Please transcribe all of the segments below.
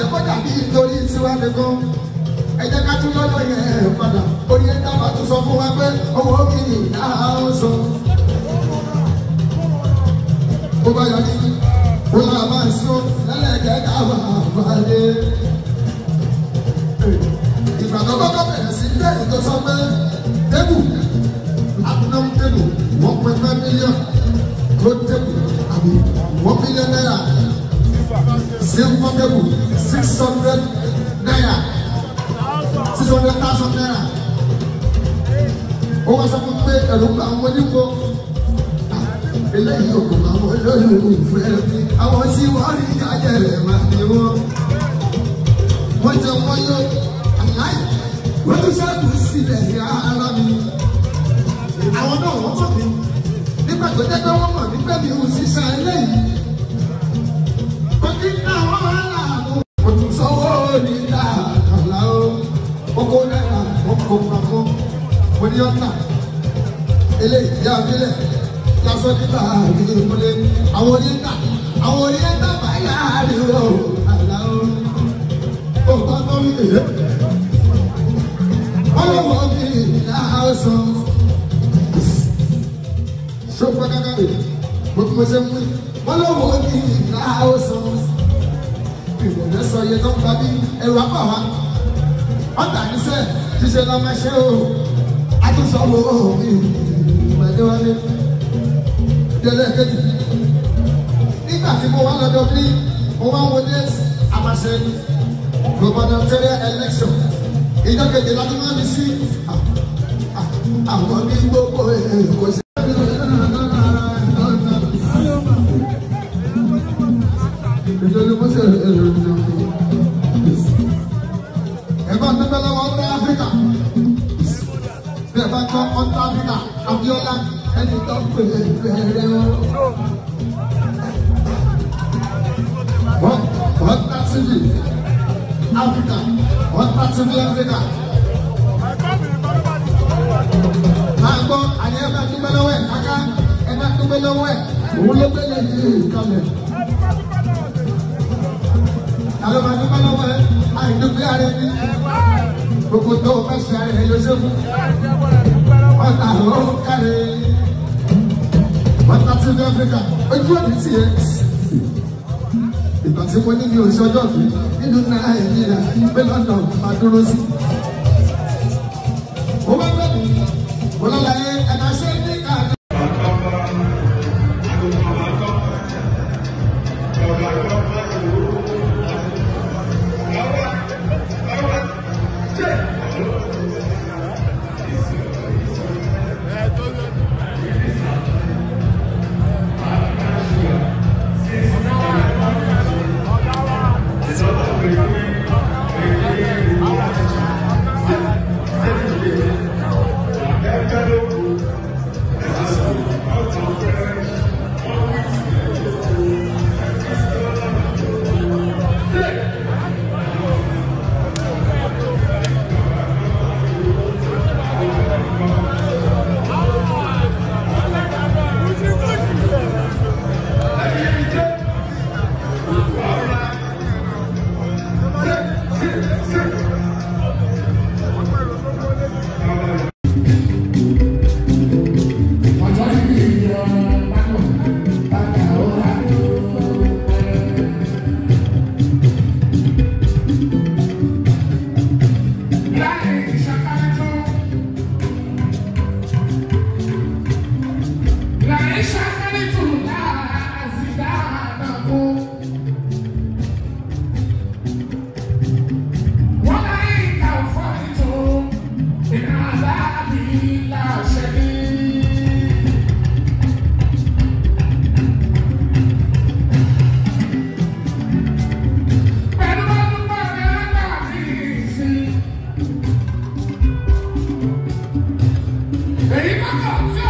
jẹ́ kó dàbí torí tiwa nìkan ẹ jẹ́ ká tún lọ́dọ̀ yẹn padà orí ẹ̀ dábàá tún sọ fún wa pé owó kìíní náà ń sọ. ó bá yọ ní wọn a máa sún lẹ́lẹ́dẹ̀ẹ́ káwá àbálé. ìgbà tó kọ́kọ́ bẹ̀rẹ̀ sí bẹ́ẹ̀ tó sọ pé tébù abúlọ́m tébù wọ́n pẹ́ fẹ́ mílíọ̀nù tó tébù àbí wọ́n mílíọ̀nù náírà sí fọ́n tébù. 600 naira 600,000 naira ó wá sọ fún pé ẹ̀rù pa àwọn onígbò eléyìí òkú àwọn olóyún òfin ẹ̀rìn àwọn tí wọ́n rí ajẹ́ rẹ̀ máa ní wọ́n wọ́n jẹ́ wọ́n yọ àláì wọ́n tún sẹ́kù sílẹ̀ ní ara mi àwọn náà wọ́n mọ̀ mí nígbà tó jẹ́ pé wọ́n mọ̀ mí mi ò sì ṣe eléyìí kò kí ní àwọn. Abíọ́nà eléyìí ìyá abílẹ̀ lásán nígbà àgbègbè ìmúlé àwọn oníta àwọn oníta báyà àríwá o àlàó ó bá tó mi nìyẹn. ọlọ́wọ́ mi lásán ṣọ́pọ̀ kankan rè gbogbo ṣe ń wí ọlọ́wọ́ mi lásán ìbọ̀dẹ́ sọ iye tó ń gba bí ẹrù apá wa ọ̀tà níṣẹ́ ṣíṣe lọ́mọ ṣe o àtúnṣọwọ mi ìmọ̀lẹ́wálé délé kejì nígbà tí mo wá lọ́dọ̀ bí mo wá wọlé àmàṣẹ gubernatorial election ìjọ kejì láti máa ní sí àwọn ní gbogbo èkó sí. Ẹ bá ń tẹ́tẹ́ lọ́wọ́ ń bá ọ̀tọ̀ ọ̀tọ̀ Áfíríkà Abíọ́lá ẹni tó Africa. fèrè o. Ọ̀tá TV Áfíríkà Ọ̀tá TV Áfíríkà. Máa gbọ́ àyẹ̀ bá dúpẹ́ lọ́wọ́ ẹ̀ káká ẹ bá dúpẹ́ lọ́wọ́ ẹ̀ òun ló gbé lẹ́yìn yìí kalẹ̀. Àlọ́ máa dúpẹ́ lọ́wọ́ ẹ̀ àìdúpẹ́ àrẹ ní gbogbo tó o fẹ́ ṣe àrẹ ẹ̀ Yósẹ́fù bàtà àwòrán káre bàtà tí ní áfíríkà ojú ọ̀dí tì yẹ ìtàn tí mo ní ní oṣù ọjọ́ mi nínú nàìjíríà gbé lọ́dọ̀ máa dúró sí. mo bá bẹ̀rẹ̀ mo lọ́la yẹ. Thank you. Come on,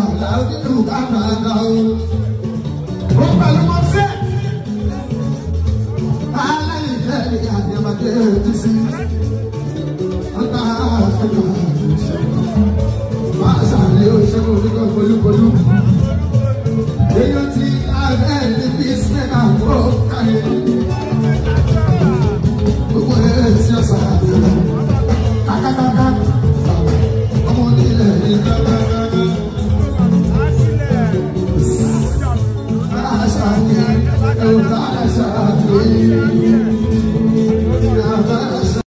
àlà nínú kàkàkà o. Ó pẹ̀lú mọ fẹ́. Aláìní jẹ́ ní àdìyàmọ̀dé ojú sí. Ọ̀tá àfẹ́lá. Máa ṣàlẹ́ òṣèlú onígbà polúpolú. Èyí ti ààrẹ ní bí sinimá kúrò káyé. Gbogbo ẹ̀ ṣe ọ̀sán àdìyàmọ̀. Kàkàkàkà. Ọmọ onílẹ̀ ní ìjọba.